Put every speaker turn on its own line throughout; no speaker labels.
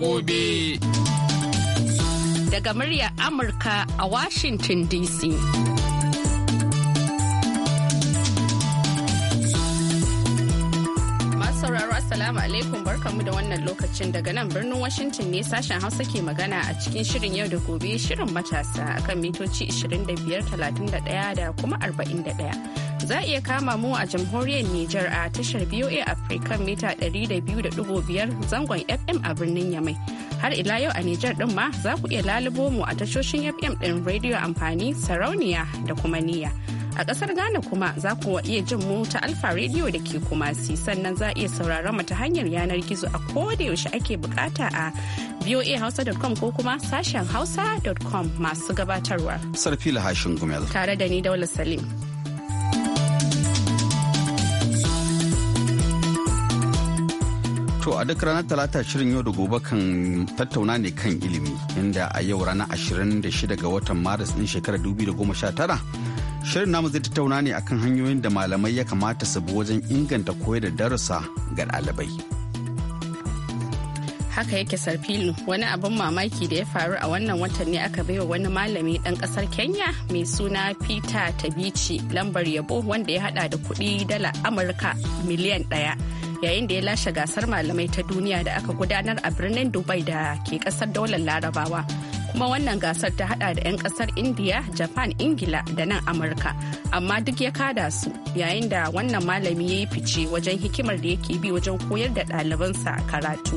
gobe.
Daga muryar Amurka a Washington DC. sauraro Assalamu alaikum barkamu da wannan lokacin daga nan birnin Washington ne sashen Hausa ke magana a cikin shirin yau da gobe shirin matasa akan mitoci 25, 31 da kuma 41. za a iya kama mu a jamhuriyar Nijar a tashar BOA Africa mita 200.5 zangon FM a birnin Yamai. Har ila yau a Nijar din ma za ku iya lalubo mu a tashoshin FM din Radio Amfani Sarauniya da kuma niya A kasar Ghana kuma za ku iya jin mu ta Alfa Radio da ke Kumasi sannan za a iya sauraron mu ta hanyar yanar gizo a koda yaushe ake bukata a voahausa.com ko kuma sashen hausa.com masu gabatarwa.
Sarfi Hashin Gumel.
Tare da ni Daula Salim.
To a duk ranar talata shirin yau da gobe kan tattauna ne kan ilimi inda a yau ranar 26 ga watan maris din shekarar 2019 shirin namu zai tattauna ne akan hanyoyin da malamai ya kamata su bi wajen inganta koyar da darasa ga ɗalibai.
haka yake sarfilu wani abin mamaki da ya faru a wannan watan ne aka baiwa wani malami dan kasar kenya mai suna peter tabici lambar yabo wanda ya hada da kudi dala amurka miliyan daya yayin da ya lashe gasar malamai ta duniya da aka gudanar a birnin dubai da ke kasar daular larabawa kuma wannan gasar ta hada da 'yan kasar india japan ingila da nan amurka amma duk ya kada su yayin da wannan malami ya yi fice wajen hikimar da yake bi wajen koyar da ɗalibansa karatu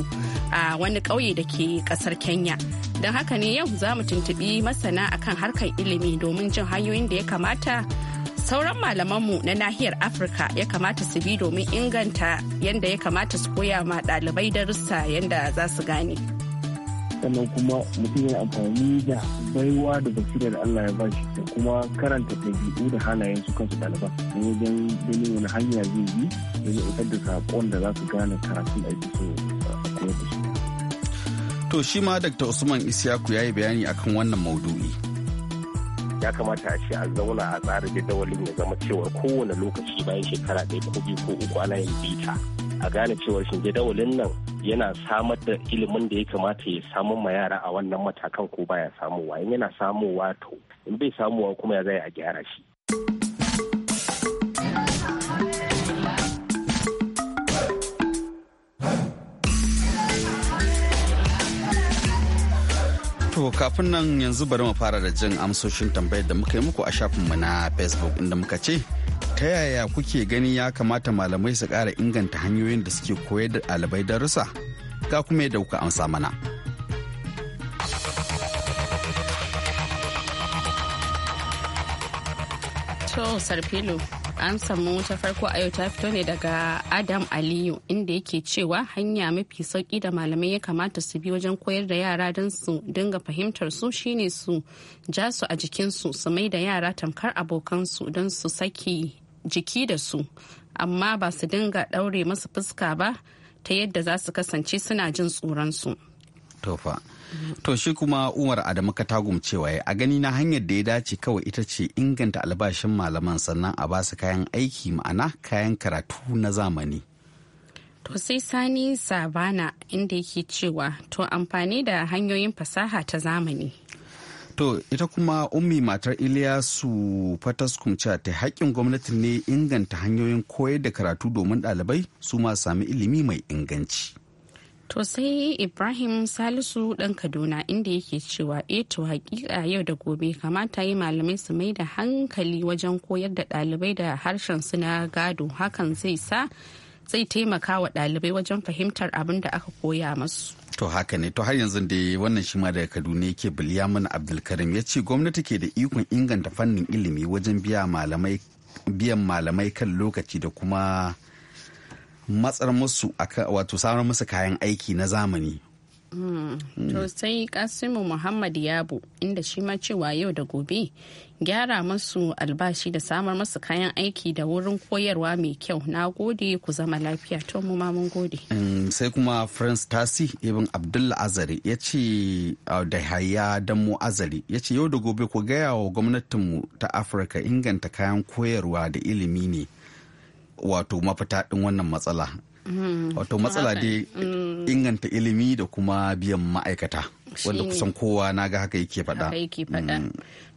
a wani ƙauye da ke kasar kenya don haka ne yau za mu tuntubi masana akan harkar ilimi domin jin hanyoyin da ya kamata sauran malamanmu na nahiyar afirka ya kamata su bi domin inganta yadda ya kamata su koya ma dalibai darussa yadda za su gane
sannan kuma mutum yana amfani da baiwa da basira da Allah ya ba shi da kuma karanta ɗabi'u da halayen su kansu ɗaliba wajen ganin wani hanya zai bi wajen isar da saƙon da za su gane karatun aiki so
koyar da su. To shi ma Dr. Usman Isiyaku ya yi bayani akan wannan maudu'i. ya kamata a ce a zauna a tsara jadawalin ya zama cewar kowane lokaci
bayan shekara ɗaya ko biyu ko uku ana yin bita a gane cewar shin jadawalin nan yana samar da ilimin da ya kamata ya samu ma yara a wannan matakan ko baya samuwa in yana samuwa to in bai samuwa kuma ya zai a gyara shi
kafin nan yanzu bari mu fara da jin amsoshin tambayar da muka yi muku a shafinmu na facebook inda muka ce ta yaya kuke gani ya kamata malamai su ƙara inganta hanyoyin da suke koyar da ɗalibai darussa ga kuma yadda kuka amsa mana
to sarfilo amsa mu ta farko a yau ta fito ne daga adam aliyu inda yake cewa hanya mafi sauki da malamai ya kamata su bi wajen koyar da yara don su dinga fahimtar su shine su ja su a jikinsu su mai da yara tamkar abokansu don su saki jiki da su amma ba su dinga ɗaure masu fuska ba ta yadda za su kasance suna jin tsoronsu.
To shi kuma Umar Adamu Katagum cewa a gani na hanyar da ya dace kawai ita ce inganta albashin malaman sannan a basu kayan aiki ma'ana kayan karatu na zamani.
To sai Sani Sabana inda yake cewa to amfani da hanyoyin fasaha ta zamani.
To ita kuma ummi matar Iliyasu Fataskum cewa ta haƙƙin gwamnati ne inganta hanyoyin koyar da karatu domin ɗalibai su ma sami ilimi mai inganci.
To sai Ibrahim Salisu ɗan Kaduna inda yake cewa e to hakika yau da gobe kamata yi malamai su mai da hankali wajen koyar da ɗalibai da harshen su na gado hakan zai sa zai taimaka wa ɗalibai wajen fahimtar abin da aka koya masu.
To haka ne, to har yanzu da wannan shima ma daga Kaduna yake Bilyamin Abdulkarim ya ce gwamnati ke da ikon inganta fannin ilimi wajen biyan malamai kan lokaci da kuma matsar musu wato samar musu kayan aiki na zamani
hmm. to sai kasimu muhammad yabo inda shi ma cewa yau da gobe gyara masu albashi da samar masu kayan aiki da wurin koyarwa mai kyau na gode ku zama lafiya to mu ma mun gode
mm, sai kuma france tasi ibn abdullah azari ya ce uh, da haya mu azari ya ce yau da gobe ku gaya wa gwamnatinmu ta afirka inganta kayan koyarwa da ilimi ne wato mafita ɗin wannan matsala
hmm. wato matsala dai hmm.
inganta ilimi da kuma biyan ma'aikata wanda kusan kowa na ga haka yake faɗa
hmm.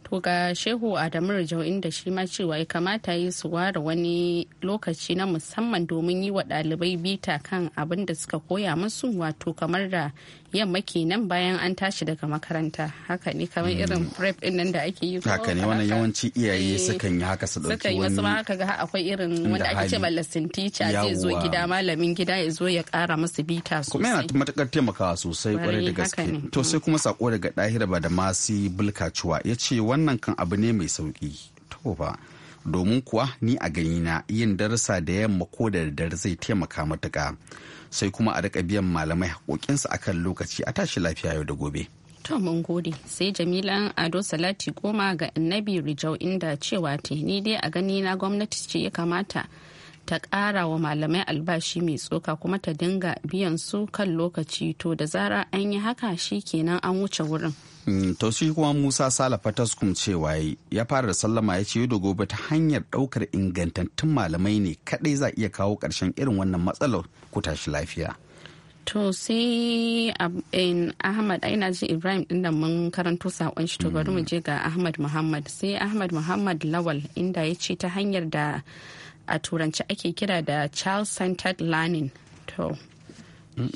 to ga shehu adamu rajau inda shi ma cewa ya kamata yi su ware wani lokaci na musamman domin yi wa ɗalibai bita kan abin da suka koya musu wato kamar da yamma kenan bayan an tashi daga makaranta haka ne kamar mm. irin prep din nan da ake yi haka ne wannan
yawanci iyaye eh, sukan yi haka su dauki wani wasu ma haka
ga akwai irin wanda ake ce lesson teacher zai zo gida malamin gida ya zo ya kara musu bita sosai kuma yana
matakar taimakawa sosai kwarai da gaske to sai kuma sako daga dahira ba da masu bulkacuwa yace wannan kan abu ne mai sauki to ba domin kuwa ni a ganina yin darasa da yamma ko da daddare zai taimaka matuka sai kuma a rika biyan malamai haƙoƙinsu akan lokaci a tashi lafiya yau da gobe.
To mun gode sai Jamilan Ado Salati goma ga Annabi Rijau inda cewa te ni dai a gani na gwamnati ce ya kamata ta ƙara wa malamai albashi mai tsoka kuma ta dinga biyan su kan lokaci to da zara an yi haka shi kenan an wuce wurin.
Mm, to kuma musa sala fataskum cewa ya fara da sallama ya ce da gobe ta hanyar daukar ingantattun malamai ne kadai za iya kawo karshen irin wannan matsalar ku tashi lafiya
to sai um, ahmad ina ji ibrahim din da mun karanto sakon shi to bari mu mm. je ga ahmad muhammad sai ahmad muhammad lawal inda ya ce ta hanyar da a turanci ake kira da child centered learning to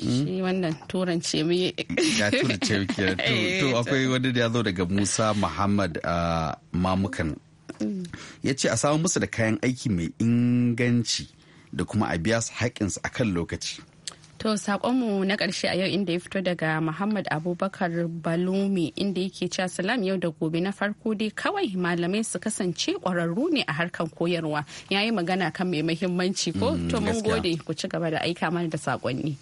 Shi wannan turance muye. Ya turance muke. Eh, to akwai
wani da ya zo daga Musa Muhammad uh, Mamukan. Mm. Ya ce a samu musu da kayan aiki mai inganci da kuma a biya su haƙinsu a kan lokaci.
To sakonmu na ƙarshe a yau inda ya fito daga Muhammad Abubakar Balumi inda yake cewa salam yau da gobe na farko dai kawai malamai su kasance ƙwararru ne a harkar koyarwa. Yayi magana kan mai muhimmanci ko mm, to mun gode ku ci gaba da aika mana da sakonni.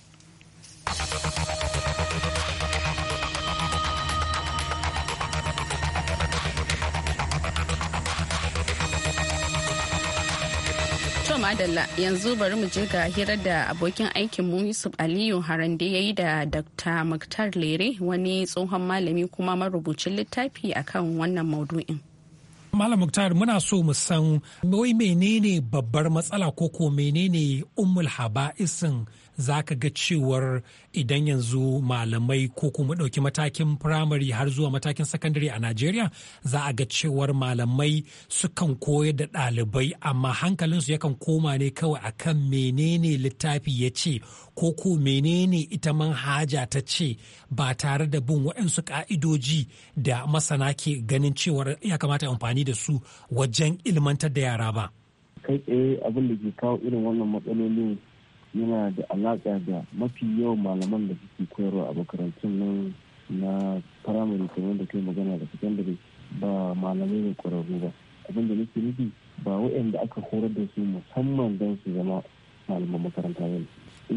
madalla yanzu bari mu je ga hira da abokin aikinmu yusuf aliyu harande ya yi da dr muktar lere wani tsohon malami kuma marubucin littafi akan wannan maudu'in
malam muktar muna so mu san wai menene babbar matsala ko ko menene ummul haba'isin za ka ga cewar idan yanzu malamai ko kuma ɗauki matakin firamare har zuwa matakin sakandare a najeriya za a ga cewar malamai sukan koyar da ɗalibai amma hankalinsu yakan koma ne kawai akan menene littafi ya ce ko ko menene ita manhaja ta ce ba tare da bin waɗansu ka'idoji da masana ke ganin cewar ya kamata amfani da su wajen ilmantar da yara ba.
kai tsaye abin da ke kawo irin wannan matsalolin yana da alaƙa da mafi yawan malaman da suke koyarwa a makarantun nan na firamare kamar da kai magana da sakandare ba malamai ne ƙwararru ba abin da nake nufi ba waɗanda aka horar da su musamman don su zama malaman makaranta ne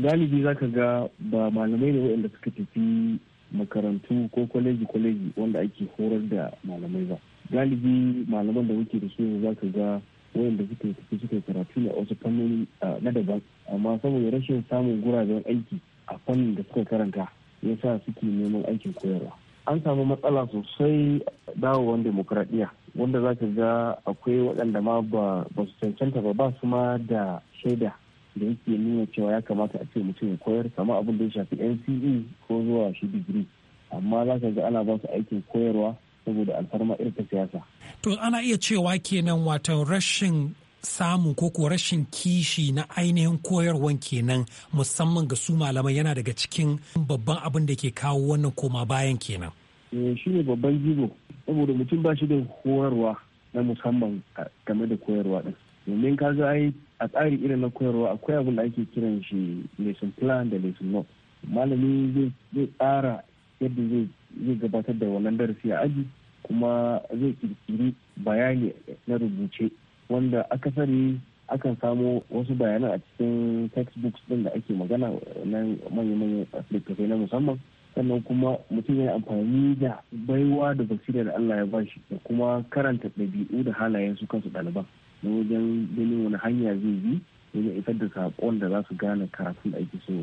galibi za ka ga ba malamai ne waɗanda suka tafi makarantu ko kwaleji kwaleji wanda ake horar da malamai ba galibi malaman da muke da su za ka ga wanda suke tafi suke karatu ne a wasu fannoni na daban amma saboda rashin samun guraben aiki a fannin da suka karanta ya sa suke neman aikin koyarwa an samu matsala sosai dawowan demokuraɗiyya wanda za ka ga akwai waɗanda ma ba su cancanta ba ba su ma da shaida da yake nuna cewa ya kamata a ce mutum ya koyar kama abin da ya shafi nce ko zuwa shi digiri amma za ka ga ana ba su aikin koyarwa saboda alfarma irin ta siyasa.
To ana iya cewa kenan watan rashin samun ko ko rashin kishi na ainihin koyarwan kenan musamman ga su malamai yana daga cikin babban abin da ke kawo wannan koma bayan kenan.
Eh, shi ne babban jigo saboda mutum ba shi da horarwa na musamman game da koyarwa din. Domin ka ga ai a tsari irin na koyarwa akwai abin da ake kiran shi lesson plan da lesson note. Malami zai tsara yadda zai zai gabatar da wannan darasi a aji kuma zai kirkiri bayani na rubuce wanda akasari akan samo wasu bayanan a cikin textbooks din da ake magana nan manya-manyan littattafai na musamman sannan kuma mutum ya amfani da baiwa da basira da Allah ya bashi da kuma karanta ɗabi'u da halayen su kansu ɗaliban na wajen ganin wani hanya zai bi wajen isar da saƙon da za su gane karatun da ake so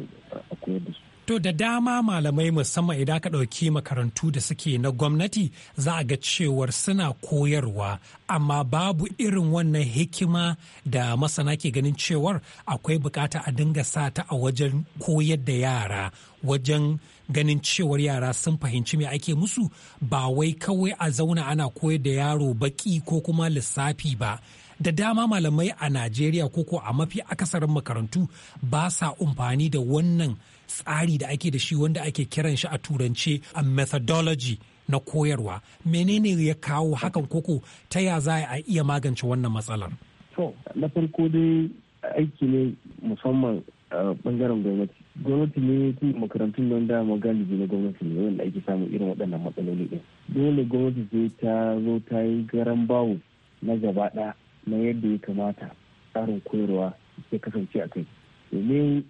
a koyar da su
To da dama malamai musamman idan ka ɗauki makarantu da suke na gwamnati za a ga cewar suna koyarwa amma babu irin wannan hikima da masana ke ganin cewar akwai bukata a dinga sa ta a wajen koyar da yara wajen ganin cewar yara sun fahimci me ake musu ba wai kawai a zauna ana koyar da yaro baki ko kuma lissafi ba da dama malamai a najeriya ko ko a mafi akasarin makarantu ba sa amfani da wannan tsari da ake da shi wanda ake kiran shi a turance a methodology na koyarwa menene ya kawo hakan koko ta ya za a iya magance wannan matsalar
to na farko dai aiki ne musamman uh, bangaren gwamnati gwamnati ne tun makarantun don da magalibi na gwamnati ne wanda ake samun irin waɗannan matsaloli ɗin dole gwamnati zai ta zo ta yi garan bawo na gaba ɗaya na yadda ya kamata tsarin koyarwa ya kasance a kai domin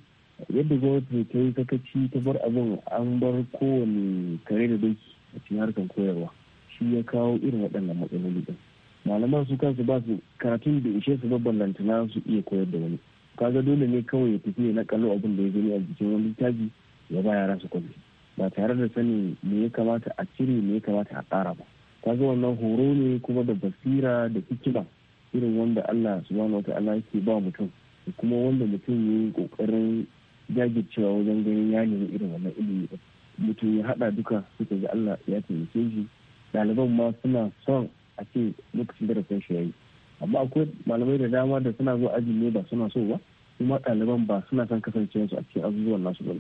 yadda gwamnati ta yi sakaci ta bar abin an bar kowane kare da doki a cikin harkar koyarwa shi ya kawo irin waɗannan matsaloli ɗin malaman su kansu ba su karatun da ishe su lantana su iya koyar da wani kaga dole ne kawai ya tafi na kallo abin da ya gani a jikin wani littafi ya ba yara su kwalli ba tare da sanin me ya kamata a cire me ya kamata a tsara ba kaga wannan horo ne kuma da basira da hikima irin wanda Allah subhanahu wa ta'ala yake ba mutum kuma wanda mutum ya yi kokarin jajircewa wajen ganin ya nemi irin wannan ilimi mutum ya hada duka suka ga Allah ya taimake shi ɗaliban ma suna son a ce lokacin darasin shi yayi amma akwai malamai da dama da suna zuwa ajin ne ba suna so ba kuma ɗaliban ba suna son kasancewa su a cikin azuzuwan nasu ba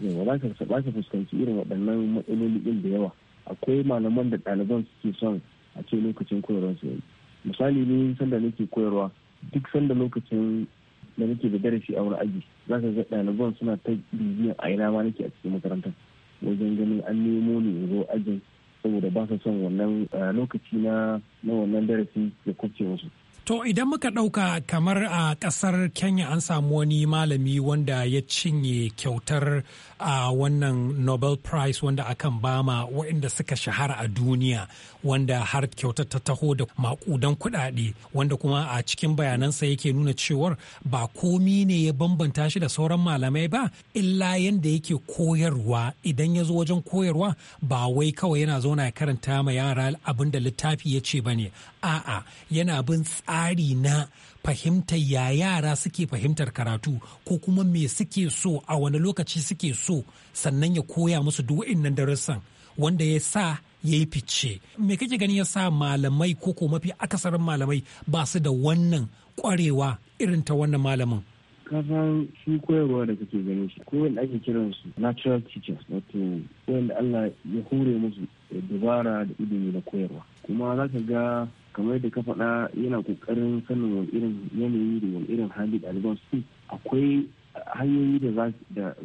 ne ba za ka fuskanci irin waɗannan matsaloli ɗin da yawa akwai malaman da ɗaliban suke son a ce lokacin su yayi misali ne sanda nake koyarwa duk sanda lokacin da nake da darasi a wani aji za ka ga ɗaliban suna ta bibiyan a ina ma nake a cikin makarantar wajen ganin an nemo ni in zo ajin saboda ba sa son wannan eh, lokaci na wannan darasi ya kubce musu
To idan muka ɗauka kamar a ƙasar Kenya an samu wani malami wanda ya cinye kyautar a wannan Nobel Prize wanda akan bama waɗanda suka shahara a duniya wanda har kyautar ta taho da maƙudan kuɗaɗe wanda kuma a cikin bayanansa yake nuna cewar ba komi ne ya bambanta shi da sauran malamai ba illa yanda yake koyarwa idan ya zo wajen koyarwa ba wai kawai yana zauna ya karanta ma yara abin da littafi ya ce ba ne a'a yana bin tsari tsari na fahimtar ya yara suke fahimtar karatu ko kuma me suke so a wani lokaci suke so sannan ya koya musu duk wa'innan darussan wanda ya sa ya yi fice me kake gani ya sa malamai ko ko mafi akasarin malamai ba su da wannan kwarewa irin ta wannan malamin
kasan shi koyarwa da kake gani shi ko wanda ake kiran su natural teachers wato wanda Allah ya hure musu dabara da ilimi na koyarwa kuma za ka ga kamar da ka faɗa yana ƙoƙarin sanin wani irin yanayi da wani irin hali ɗaliban su akwai hanyoyi da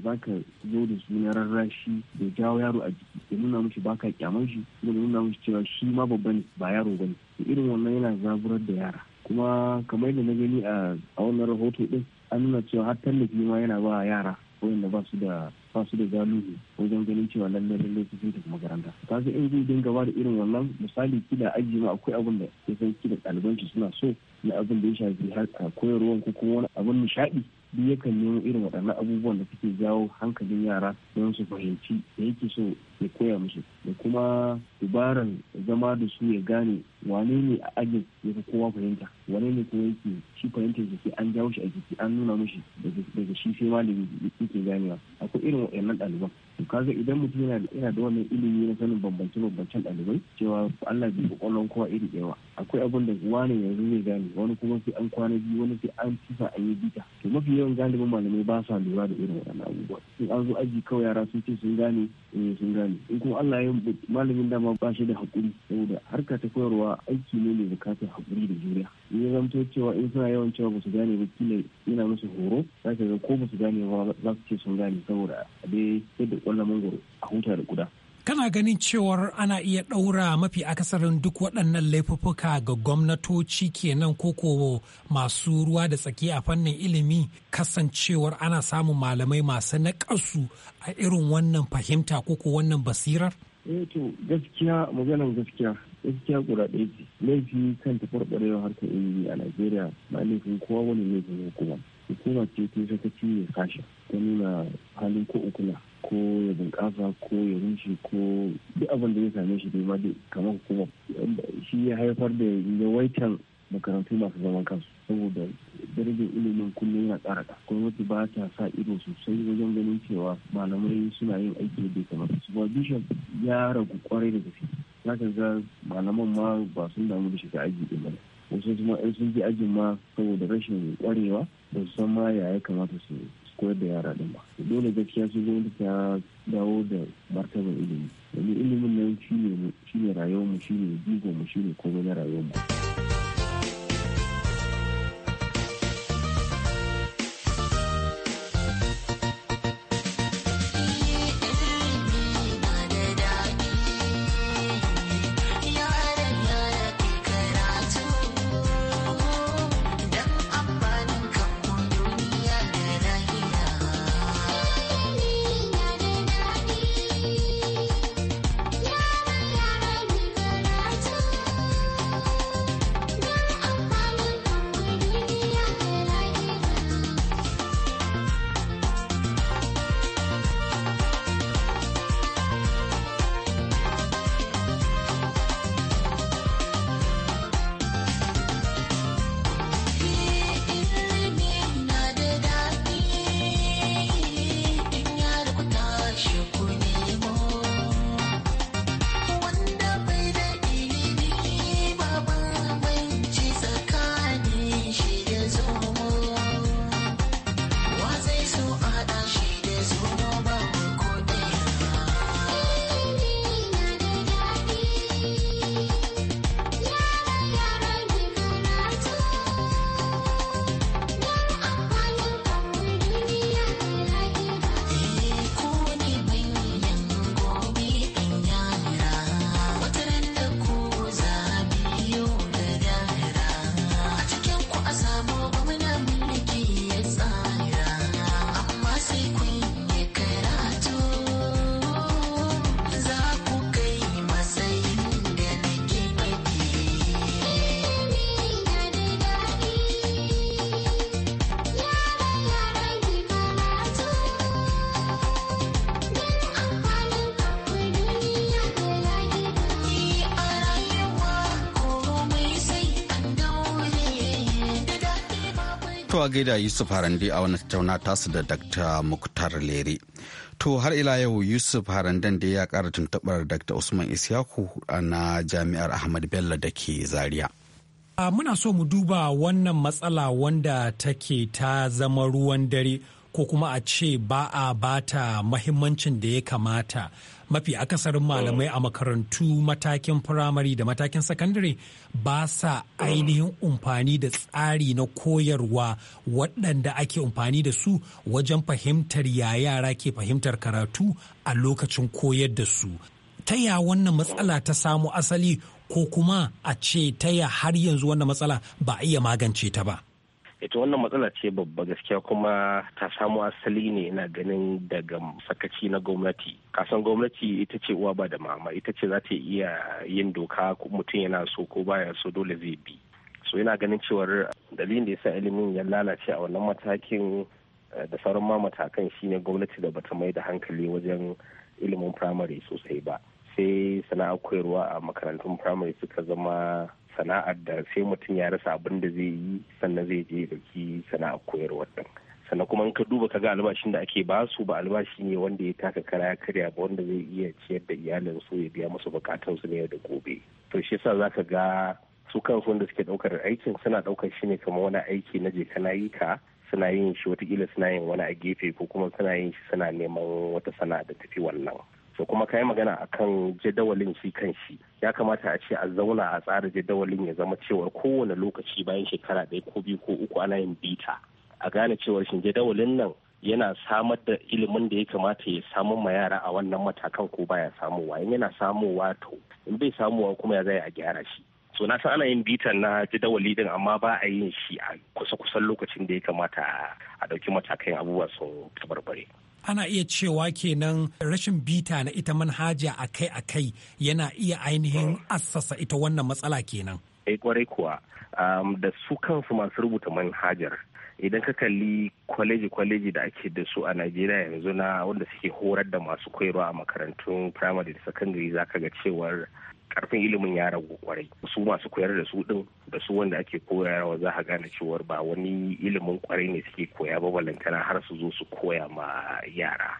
za ka zo da su na rarrashi da jawo yaro a jiki da nuna mishi ba ka kyaman shi da nuna mishi cewa shi ma babba ne ba yaro ba ne irin wannan yana zaburar da yara kuma kamar da na gani a wannan rahoto din an nuna cewa har tallafi ma yana ba yara wanda ba su da ba su da galibi wajen ganin cewa lallai lallai su tafi makaranta ta su in zai dinga ba da irin wannan misali kila aji ma akwai abin da ya san kila ɗaliban su suna so na abin da ya shafi harka koyarwa ko kuma wani abin nishaɗi duk yakan nemo irin waɗannan abubuwan da suke jawo hankalin yara don su fahimci da yake so ya koya musu da kuma dubaran zama da su ya gane wane ne a ajin ya fi kowa fahimta wane ne kuma yake shi fahimta sai an jawo shi a jiki an nuna mishi daga shi sai malami yake ganewa akwai irin waɗannan ɗaliban to kaga idan mutum yana da yana da wannan ilimi na sanin bambance bambancen ɗalibai cewa Allah bai kwakwalwan kowa iri ɗaya akwai abin da wani yanzu zai gane wani kuma sai an kwana biyu wani sai an sa an yi bita to mafi yawan galibin malamai ba sa lura da irin waɗannan abubuwa in an zo aji kawai yara sun ce sun gane eh sun gane in kuma Allah ya malamin dama ba shi da hakuri saboda harka ta koyarwa aiki ne mai bukatar hakuri da juriya in ya zamto cewa in suna yawan cewa ba su gane ba kila yana musu horo za ka ga ko ba su gane ba za su ce sun gane saboda a dai yadda ƙwallon mangoro a huta da guda
kana ganin cewar ana iya ɗaura mafi akasarin duk waɗannan laifuffuka ga gwamnatoci kenan koko masu ruwa da tsaki a fannin ilimi kasancewar ana samun malamai masu naƙasu a irin wannan fahimta koko wannan basirar?
Eh to gaskiya maganar gaskiya gaskiya guda ɗaya ce laifi kan farɓarewa harkar ilimi a najeriya ba laifin kowa wani laifin hukuma hukuma ce ta sakaci ne kashe ta nuna halin ko ukula ko ya bunƙasa ko ya rushe ko duk abin da ya same shi ma dai kamar hukuma shi ya haifar da yawaitar makarantu masu zaman kansu saboda darajar ilimin kullum yana ƙara ka gwamnati ba ta sa ido sosai wajen ganin cewa malamai suna yin aiki da su ba bishop ya ragu kwarai da gaske ka ga malaman ma ba sun damu da shiga aji ɗin ba wasu kuma sun ji ajin ma saboda rashin kwarewa ba su san ma ya kamata su koyar da yara din ba dole gaskiya su zo ta dawo da martabar ilimi domin ilimin nan shi ne rayuwar mu shi ne jigo mu shi ne komai na rayuwar mu
zuwa gaida Yusuf Harande a wani tattauna tasu da Dr. Muktar Lere. To har ila yau Yusuf Harandan da ya kara tuntubar Dr. Usman Isyaku na Jami'ar Ahmad Bello da ke Zaria.
Muna so mu duba wannan matsala wanda take ta zama ruwan dare ko kuma a ce ba a bata mahimmancin da ya kamata. mafi akasarin malamai a makarantu matakin firamare da matakin sakandare ba sa ainihin umfani da tsari na koyarwa waɗanda ake umfani da su wajen fahimtar ya yara ke fahimtar karatu a lokacin koyar da su ta ya wannan matsala ta samu asali ko kuma a ce ta ya har yanzu wannan matsala ba a iya magance ta ba
ita wannan matsala ce babba gaskiya kuma ta samu asali ne ina ganin daga sakaci na gwamnati kasan gwamnati ita ce uwa ba da mama ita ce za ta iya yin doka mutum yana so ko baya so dole zai bi so yana ganin cewar dalilin da yasa ilimin ya lalace a wannan matakin eh, da sauran ma matakan shine gwamnati da bata mai da hankali wajen ilimin firamare sosai ba sai sana'ar koyarwa a makarantun firamare suka zama sana'ar da sai mutum ya rasa abin da zai yi sannan zai je ki sana'ar koyarwar din sannan kuma in ka duba ka ga albashin da ake ba su ba albashi ne wanda ya taka kara ya karya ba wanda zai iya ciyar da iyalin su ya biya musu bukatun su ne da gobe to shi yasa zaka ga su kansu wanda suke daukar aikin suna daukar shi ne kamar wani aiki na je kana yi ka suna yin shi watakila suna yin wani a gefe ko kuma suna yin shi suna neman wata sana'a da tafi wannan so kuma ka yi magana a kan jadawalin shi kan shi ya kamata a ce a zauna a tsara jadawalin ya zama cewar kowane lokaci bayan shekara ɗaya ko biyu ko uku ana yin bita a gane cewar shin jadawalin nan yana samar da ilimin da ya kamata ya samu ma yara a wannan matakan ko baya samowa in yana samowa to in bai samowa kuma ya zai a gyara shi so na san ana yin bitan na jadawali din amma ba a yin shi a kusa-kusan lokacin da ya kamata a ɗauki matakan abubuwa sun
tabarbare ana iya cewa kenan rashin bita na ita manhaja akai-akai yana iya ainihin assasa ita wannan matsala kenan.
Eh kwarai kuwa da su kansu masu rubuta manhajar idan ka kalli kwaleji-kwaleji da ake da su a najeriya yanzu na wanda suke horar da masu koyarwa a makarantun primary da secondary zaka ga cewar karfin ilimin ya ragu kwarai su masu koyar da su din da su wanda ake koyarwa za a gane cewar ba wani ilimin kwarai ne suke koya ba balantana har su zo su koya ma yara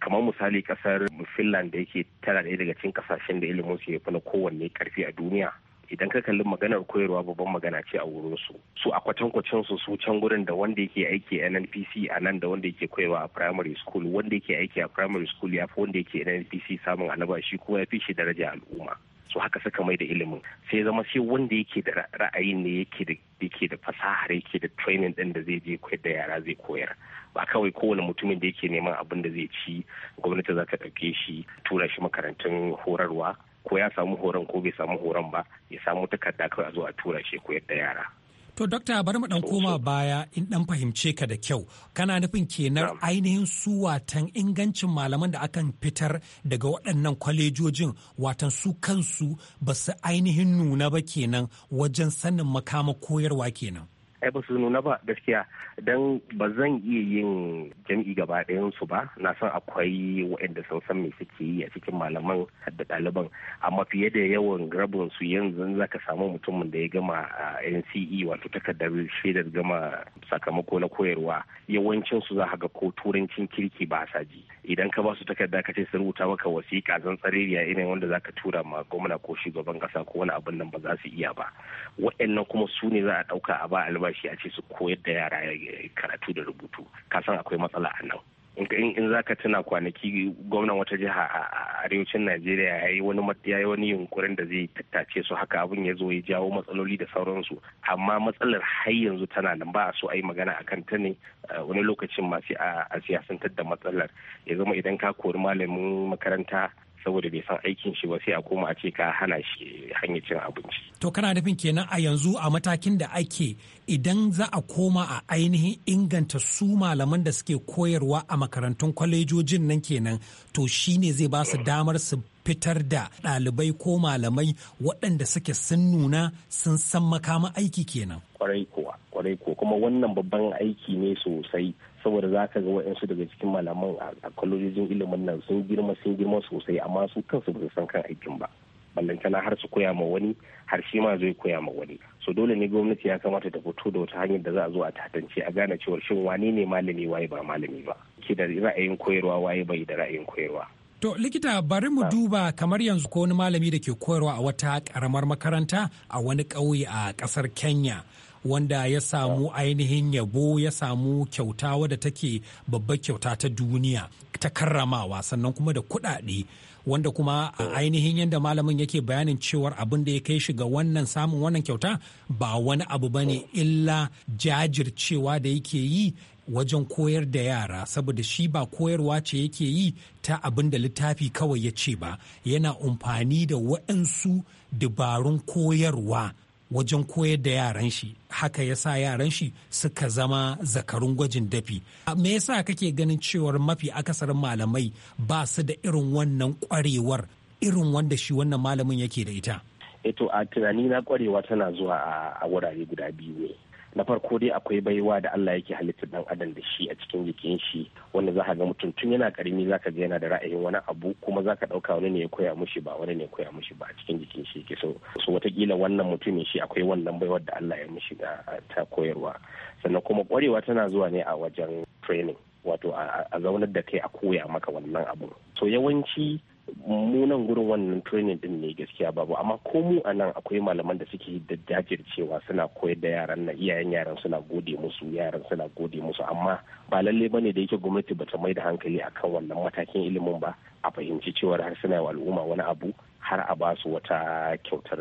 kamar misali kasar finland da yake tana ɗaya daga cikin kasashen da ilimin su ya fi na kowanne karfi a duniya idan ka kalli maganar koyarwa babban magana ce a wurin su su a kwatankwacin su su can gurin da wanda yake aiki a NNPC a nan da wanda yake koyarwa a primary school wanda yake aiki a primary school ya fi wanda yake NNPC samun shi kuma ya fi shi daraja al'umma so haka suka mai da ilimin sai zama sai wanda yake da ra'ayin ne yake da yake da fasahar yake da training din da zai je koyar da yara zai koyar ba kawai kowane mutumin da yake neman abin da zai ci gwamnati za ta ɗauke shi tura shi makarantun horarwa ko ya samu horon ko bai samu horon ba ya samu takarda kawai a zo a tura shi koyar da yara
To, Dokta bari mu ɗan koma baya in ɗan fahimce ka da kyau. Kana nufin kenan ainihin su watan ingancin malaman da akan fitar daga waɗannan kwalejojin watan su kansu ba su ainihin nuna ba kenan wajen sanin makama koyarwa kenan.
ai ba su nuna ba gaskiya don ba zan iya yin jam'i gaba su ba na san akwai waɗanda sun san me suke yi a cikin malaman da ɗaliban amma fiye da yawan rabin su yanzu za ka samu mutumin da ya gama a nce wato takardar shaidar gama sakamako na koyarwa yawancin su za ga ko turancin kirki ba sa ji idan ka ba su takarda ka ce su rubuta maka wasiƙa zan tsaririya irin wanda za ka tura ma gwamna ko shugaban ƙasa ko wani abin nan ba za su iya ba waɗannan kuma su ne za a ɗauka a ba albashi albashi a ce su koyar da yara karatu da rubutu kasan akwai matsala a nan in za ka tuna kwanaki gwamnan wata jiha a arewacin Najeriya yayi wani wani yunkurin da zai tattace su haka abin ya zo ya jawo matsaloli da sauransu amma matsalar har yanzu tana nan ba a so a yi magana kan ta ne eh, wani lokacin masu a siyasantar da matsalar ya zama idan ka kori malamin makaranta saboda bai san aikin shi ba sai a koma a ce ka hana shi hanyar cin abinci.
To kana nufin kenan a yanzu a matakin da ake idan za a koma a ainihin inganta su malaman da suke koyarwa a makarantun kwalejojin nan kenan to shi ne zai ba su damar su fitar da ɗalibai ko malamai waɗanda suke sun nuna sun san makama aiki kenan.
Kwarai kuwa, kwarai kuwa kuma wannan babban aiki ne sosai saboda za ka ga waɗansu daga cikin malaman a kwalolijin ilimin nan sun girma sun girma sosai amma su kansu ba su san kan aikin ba ballantana har su koya ma wani har shi ma zai koya ma wani so dole ne gwamnati ya kamata ta fito da wata hanyar da za a zo a tatance a gane cewa shin wane ne malami waye ba malami ba ke da ra'ayin koyarwa waye bai da ra'ayin koyarwa
To likita bari mu duba kamar yanzu ko wani malami da ke koyarwa a wata karamar makaranta a wani ƙauye a ƙasar Kenya. wanda ya samu ainihin yabo ya samu kyauta wadda take babbar kyauta ta duniya ta karramawa sannan kuma da kuɗaɗe wanda kuma a ainihin yadda malamin yake bayanin cewar abin da ya kai shi ga wannan samun wannan kyauta ba wani abu ba ne illa jajircewa da yake yi wajen koyar da yara saboda shi ba koyarwa ce yake yi ta abin da littafi kawai ya ce ba yana amfani da waɗansu dabarun koyarwa wajen koyar da yaran shi haka ya sa yaran shi suka zama zakarun gwajin dafi me yasa kake ganin cewar mafi akasarin malamai ba su da irin wannan kwarewar irin wanda shi wannan malamin yake da ita
eto eh a tunani na kwarewa tana zuwa a wurare guda biyu ne na farko dai akwai baiwa da Allah yake halittar dan adam da shi a cikin jikin shi wanda za ka ga mutum tun yana karimi ka ga yana da ra'ayin wani abu kuma za ka ɗauka wani ne ya koya mushi ba wani ne ya koya mushi ba a cikin jikin shi yake so so watakila wannan mutumin shi akwai wannan baiwa da Allah ya mushi ta koyarwa sannan kuma kwarewa tana zuwa ne a wajen training wato a zaunar da kai a koya maka wannan abu so yawanci munan gurin wannan training din ne gaskiya babu amma ko mu a nan akwai malaman da suke da jajircewa suna koyar da yaran na iyayen yaran suna gode musu yaran suna gode musu amma ba lalle bane da yake gwamnati bata mai da hankali akan wannan matakin ilimin ba a fahimci cewar har suna wa al'umma wani abu har a ba su wata kyautar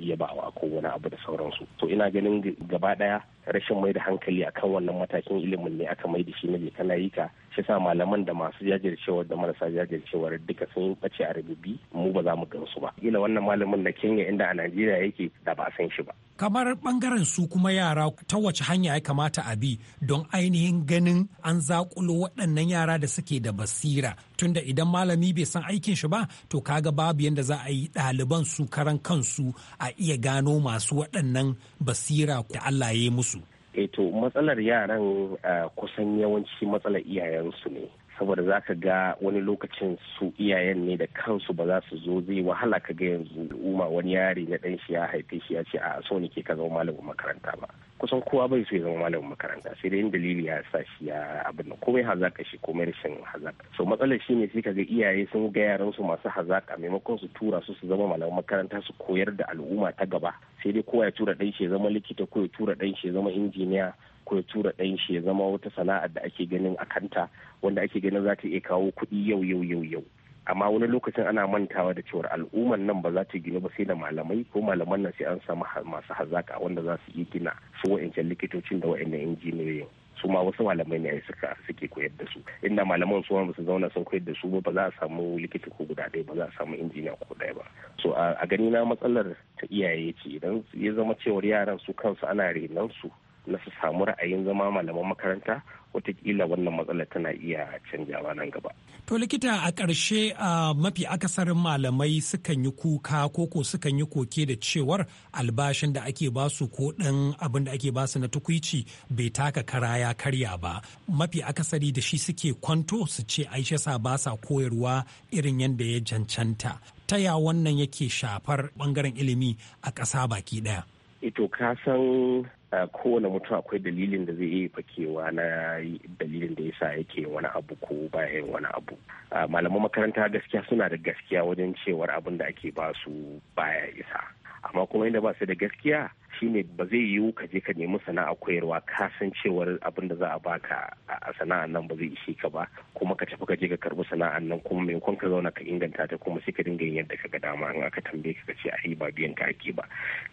yabawa ko wani abu da sauransu to ina ganin gaba daya rashin mai da hankali akan wannan matakin ilimin ne aka mai da shi ne kana yi ka shi sa malaman da masu jajircewar da marasa jajircewar duka sun yi bace a rububi mu ba za mu su ba kila wannan malamin na kenya inda a najeriya yake da ba san shi ba
kamar bangaren su kuma yara ta wace hanya ya kamata a bi don ainihin ganin an zakulo waɗannan yara da suke da basira tunda idan malami bai san aikin shi ba to kaga babu yadda za a yi ɗaliban su karan kansu a iya gano masu waɗannan basira da Allah ya yi musu
Eh, to matsalar yaran eh, kusan yawanci matsalar iyayensu ne saboda za ka ga wani lokacin su iyayen ne da kansu ba za su zo zai wahala ka ga yanzu al'umma wani yari na ɗan shi ya haife shi ya ce a so ne ke ka zama malamin makaranta ba kusan kowa bai so ya zama malamin makaranta sai dai dalili ya sa shi ya abin nan komai hazaka shi komai rashin hazaka so matsalar shi ne sai ka ga iyaye sun ga yaran su masu hazaka maimakon su tura su su zama malamin makaranta su koyar da al'umma ta gaba sai dai kowa ya tura ɗan shi ya zama likita ko ya tura ɗan shi ya zama injiniya ko ya tura ɗan shi ya zama wata sana'ar da ake ganin a kanta wanda ake ganin za ta iya kawo kuɗi yau yau yau yau amma wani lokacin ana mantawa da cewar al'ummar nan ba za ta gina ba sai da malamai ko malaman nan sai an samu masu hazaka wanda za su iya gina su wa'ancan likitocin da wa'annan injiniyoyin su ma wasu malamai ne suka suke koyar da su inda malaman su ba su zauna sun koyar da su ba ba za a samu likita ko guda ɗaya ba za a samu injiniya ko ɗaya ba so a gani na matsalar ta iyaye ce idan ya zama cewar yaran su kansu ana renon su na su samu ra'ayin zama malaman makaranta wataƙila wannan matsala tana iya canjawa nan gaba.
To likita a ƙarshe a mafi akasarin malamai sukan yi kuka koko sukan yi koke da cewar albashin da ake basu ko ɗan abin da ake basu na tukwici bai taka kara ya karya ba. Mafi akasari da shi suke kwanto su ce aisha sa ba sa koyarwa irin yadda ya cancanta. Ta ya wannan yake shafar bangaren ilimi a ƙasa baki ɗaya?
Ito ka san Eh, kowane mutum akwai dalilin da zai iya fakewa na dalilin da yasa yake wani abu ko bayan wani abu eh, malaman makaranta gaskiya suna da gaskiya wajen cewar abin da ake ba su baya isa amma kuma inda ba su da gaskiya shine ba zai yiwu ka je ka nemi sana'a koyarwa ka san cewar abin da za a baka a sana'an nan ba zai ishe ka ba kuma ka tafi ka je ka karbi sana'an nan kuma maimakon ka zauna ka inganta ta kuma sai ka dinga yin yadda ka ga dama in aka tambaye ka ce yi ba biyan ka ake ba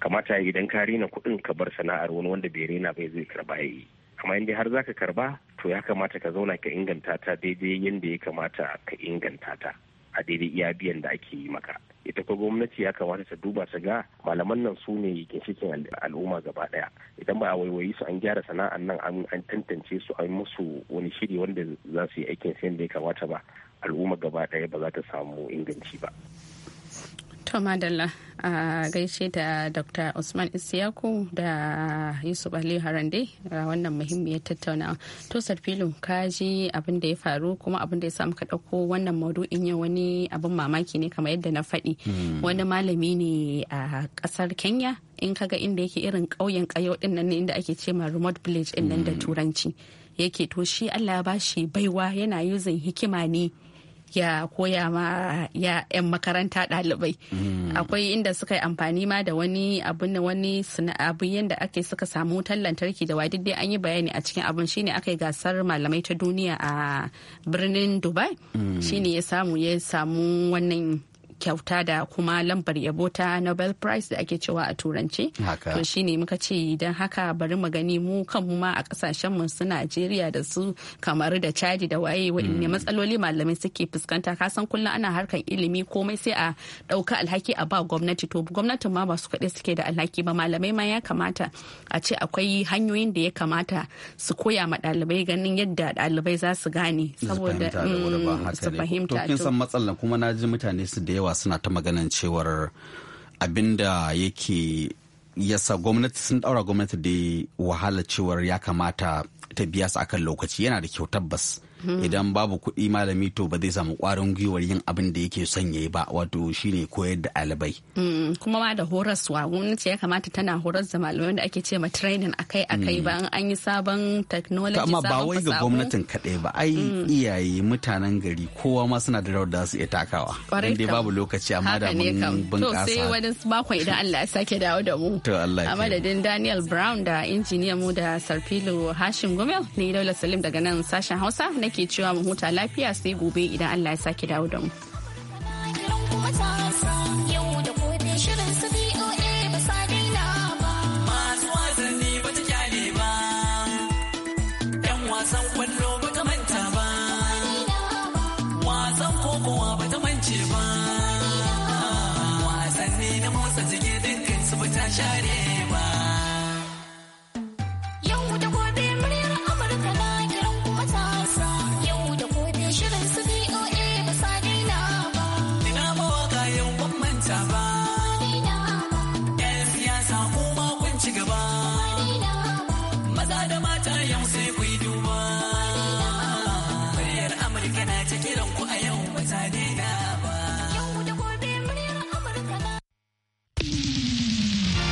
kamata idan ka rena kuɗin ka bar sana'ar wani wanda bai rena ba zai karba yi amma in dai har zaka karba to ya kamata ka zauna ka inganta ta daidai yadda ya kamata ka inganta ta a daidai iya biyan da ake yi maka ita ko gwamnati ya kamata ta duba ta ga malaman nan su ne ginshikin al'umma gaba daya idan ba a waiwayi su an gyara sana'an nan an tantance su an musu wani shiri wanda za su yi aikin sayan da ya kamata ba al'umma gaba daya ba za
ta samu inganci ba
To madalla a gaishe da Dr. Usman Isiyaku da Yusuf Ali Harande a wannan muhimmiyar tattaunawa. To Sarfilu ka ji abin da ya faru kuma abin da ya samu ka ɗauko wannan maudu'in yau wani abin mamaki ne kamar yadda na faɗi. Hmm. Wani malami ne a kasar Kenya in kaga inda yake irin ƙauyen ƙayo ɗin nan ne inda ake ce ma remote village ɗin nan da hmm. turanci. Yake to shi Allah ya bashi baiwa yana yuzin hikima ne. ya koya ma ya 'yan makaranta ɗalibai mm. akwai inda suka yi amfani ma da wani abin wani abin yadda ake suka samu wutar lantarki da wadidde an yi bayani a cikin abin shine aka yi gasar malamai ta duniya a birnin dubai mm. shine ya samu ya samu wannan kyauta da kuma lambar yabo ta Nobel Prize da ake cewa a turance. To shine muka ce idan haka bari mu gani mu kanmu ma a kasashen mu su Najeriya da su kamar da Chadi da waye waɗanne mm. matsaloli malamai suke fuskanta kasan kullum ana harkar ilimi komai sai a ɗauka alhaki a ba gwamnati to gwamnatin ma ba su kaɗai suke da alhaki ba malamai ma ya kamata a ce akwai hanyoyin da ya kamata su koya ma ɗalibai ganin yadda ɗalibai za su gane saboda mm, su fahimta. san
matsalan kuma na ji mutane su da yawa suna ta maganin cewar abinda yake yasa gwamnati sun daura gwamnati da wahala cewar ya kamata ta biya su akan lokaci yana da kyau tabbas Mm-hmm. idan babu kuɗi malami to ba zai samu ƙwarin gwiwar yin abin da yake son yayi ba wato shine koyar da alibai.
Mm-hmm. kuma ma da horaswa gwamnati ya kamata tana horas da malamai da ake ce ma training akai akai mm. ba an yi sabon technology amma ba wai ga gwamnatin
kaɗai ba ai mm. iyaye mutanen gari kowa ma suna da rawar da su iya takawa kwarai dai babu lokaci amma da mun bunƙasa to sai wani
bakon idan Allah ya sake dawo da mu to Allah a madadin Daniel Brown da injiniyan mu da Sarfilo Hashim Gomel ni Daula Salim daga nan sashen Hausa na ke cewa mu huta lafiya sai gobe idan Allah ya sake dawo da mu.